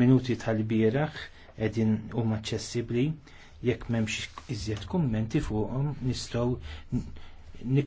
minuti tal-bieraħ edin u maċċessibli jekk memx iżjed kummenti fuqhom nistgħu